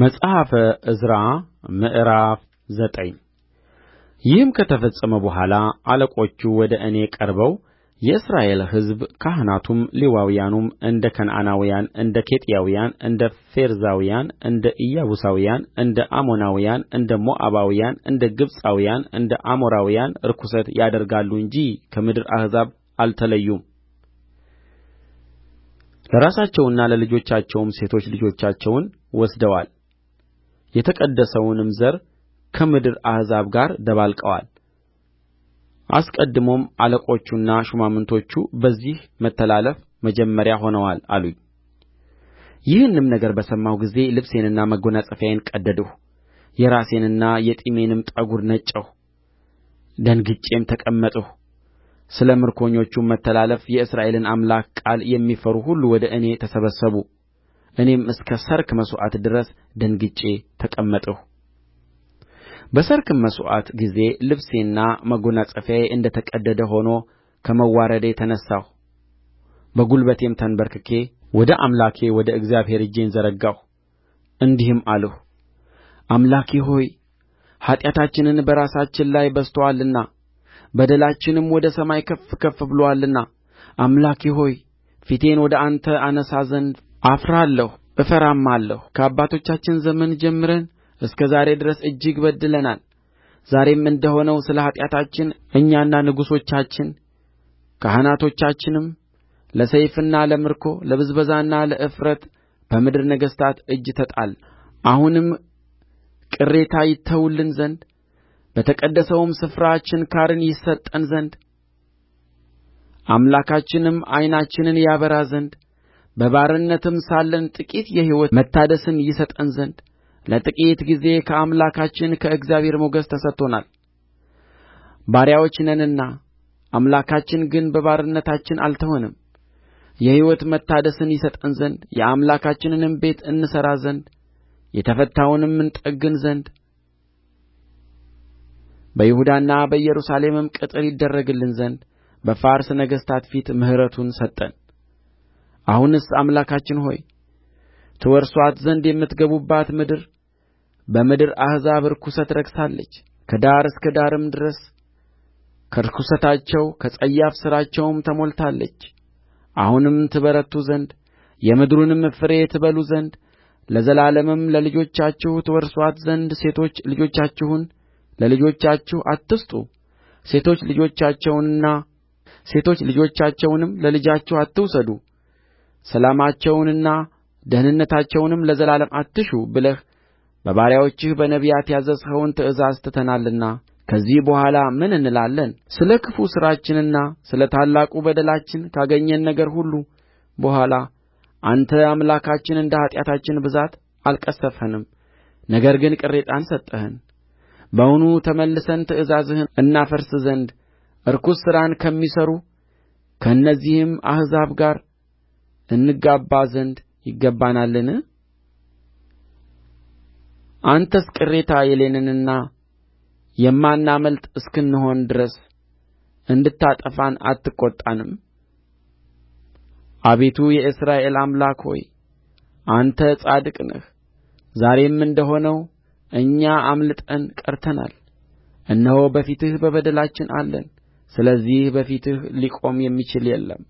መጽሐፈ ዕዝራ ምዕራፍ ዘጠኝ ይህም ከተፈጸመ በኋላ አለቆቹ ወደ እኔ ቀርበው የእስራኤል ሕዝብ ካህናቱም ሌዋውያኑም እንደ ከነዓናውያን እንደ ኬጢያውያን እንደ ፌርዛውያን እንደ ኢያቡሳውያን እንደ አሞናውያን እንደ ሞዓባውያን እንደ ግብጻውያን እንደ አሞራውያን ርኵሰት ያደርጋሉ እንጂ ከምድር አሕዛብ አልተለዩም ለራሳቸውና ለልጆቻቸውም ሴቶች ልጆቻቸውን ወስደዋል የተቀደሰውንም ዘር ከምድር አሕዛብ ጋር ደባልቀዋል አስቀድሞም አለቆቹና ሹማምቶቹ በዚህ መተላለፍ መጀመሪያ ሆነዋል አሉኝ ይህንም ነገር በሰማሁ ጊዜ ልብሴንና መጐናጸፊያዬን ቀደድሁ የራሴንና የጢሜንም ጠጕር ነጨሁ ደንግጬም ተቀመጥሁ ስለ ምርኮኞቹም መተላለፍ የእስራኤልን አምላክ ቃል የሚፈሩ ሁሉ ወደ እኔ ተሰበሰቡ እኔም እስከ ሠርክ መሥዋዕት ድረስ ደንግጬ ተቀመጥሁ በሠርክም መሥዋዕት ጊዜ ልብሴና መጐናጸፊያዬ እንደ ተቀደደ ሆኖ ከመዋረዴ ተነሣሁ በጕልበቴም ተንበርክኬ ወደ አምላኬ ወደ እግዚአብሔር እጄን ዘረጋሁ እንዲህም አልሁ አምላኬ ሆይ ኃጢአታችን በራሳችን ላይ በዝቶአልና በደላችንም ወደ ሰማይ ከፍ ከፍ ብሎአልና አምላኬ ሆይ ፊቴን ወደ አንተ አነሣ ዘንድ አፍራለሁ እፈራማለሁ ከአባቶቻችን ዘመን ጀምረን እስከ ዛሬ ድረስ እጅግ በድለናል ዛሬም እንደ ሆነው ስለ ኃጢአታችን እኛና ንጉሦቻችን ካህናቶቻችንም ለሰይፍና ለምርኮ ለብዝበዛና ለእፍረት በምድር ነገሥታት እጅ ተጣልን አሁንም ቅሬታ ይተውልን ዘንድ በተቀደሰውም ስፍራ ችንካርን ይሰጠን ዘንድ አምላካችንም ዓይናችንን ያበራ ዘንድ በባርነትም ሳለን ጥቂት የሕይወት መታደስን ይሰጠን ዘንድ ለጥቂት ጊዜ ከአምላካችን ከእግዚአብሔር ሞገስ ተሰጥቶናል ባሪያዎች ነንና አምላካችን ግን በባርነታችን አልተወንም የሕይወት መታደስን ይሰጠን ዘንድ የአምላካችንንም ቤት እንሠራ ዘንድ የተፈታውንም እንጠግን ዘንድ በይሁዳና በኢየሩሳሌምም ቅጥር ይደረግልን ዘንድ በፋርስ ነገሥታት ፊት ምሕረቱን ሰጠን አሁንስ አምላካችን ሆይ ትወርሱአት ዘንድ የምትገቡባት ምድር በምድር አሕዛብ ርኵሰት ረክሳለች ከዳር እስከ ዳርም ድረስ ከርኵሰታቸው ከጸያፍ ሥራቸውም ተሞልታለች አሁንም ትበረቱ ዘንድ የምድሩንም ፍሬ ትበሉ ዘንድ ለዘላለምም ለልጆቻችሁ ትወርሱአት ዘንድ ሴቶች ልጆቻችሁን ለልጆቻችሁ አትስጡ ሴቶች ልጆቻቸውንና ሴቶች ልጆቻቸውንም ለልጃችሁ አትውሰዱ ሰላማቸውንና ደኅንነታቸውንም ለዘላለም አትሹ ብለህ በባሪያዎችህ በነቢያት ያዘዝኸውን ትእዛዝ ትተናልና ከዚህ በኋላ ምን እንላለን ስለ ክፉ ሥራችንና ስለ ታላቁ በደላችን ካገኘን ነገር ሁሉ በኋላ አንተ አምላካችን እንደ ኃጢአታችን ብዛት አልቀሠፍኸንም ነገር ግን ቅሬታን ሰጠኸን በውኑ ተመልሰን ትእዛዝህን እናፈርስ ዘንድ ርኩስ ሥራን ከሚሠሩ ከእነዚህም አሕዛብ ጋር እንጋባ ዘንድ ይገባናልን አንተስ ቅሬታ የሌለንና የማናመልጥ እስክንሆን ድረስ እንድታጠፋን አትቈጣንም አቤቱ የእስራኤል አምላክ ሆይ አንተ ጻድቅ ነህ ዛሬም እንደ ሆነው እኛ አምልጠን ቀርተናል እነሆ በፊትህ በበደላችን አለን ስለዚህ በፊትህ ሊቆም የሚችል የለም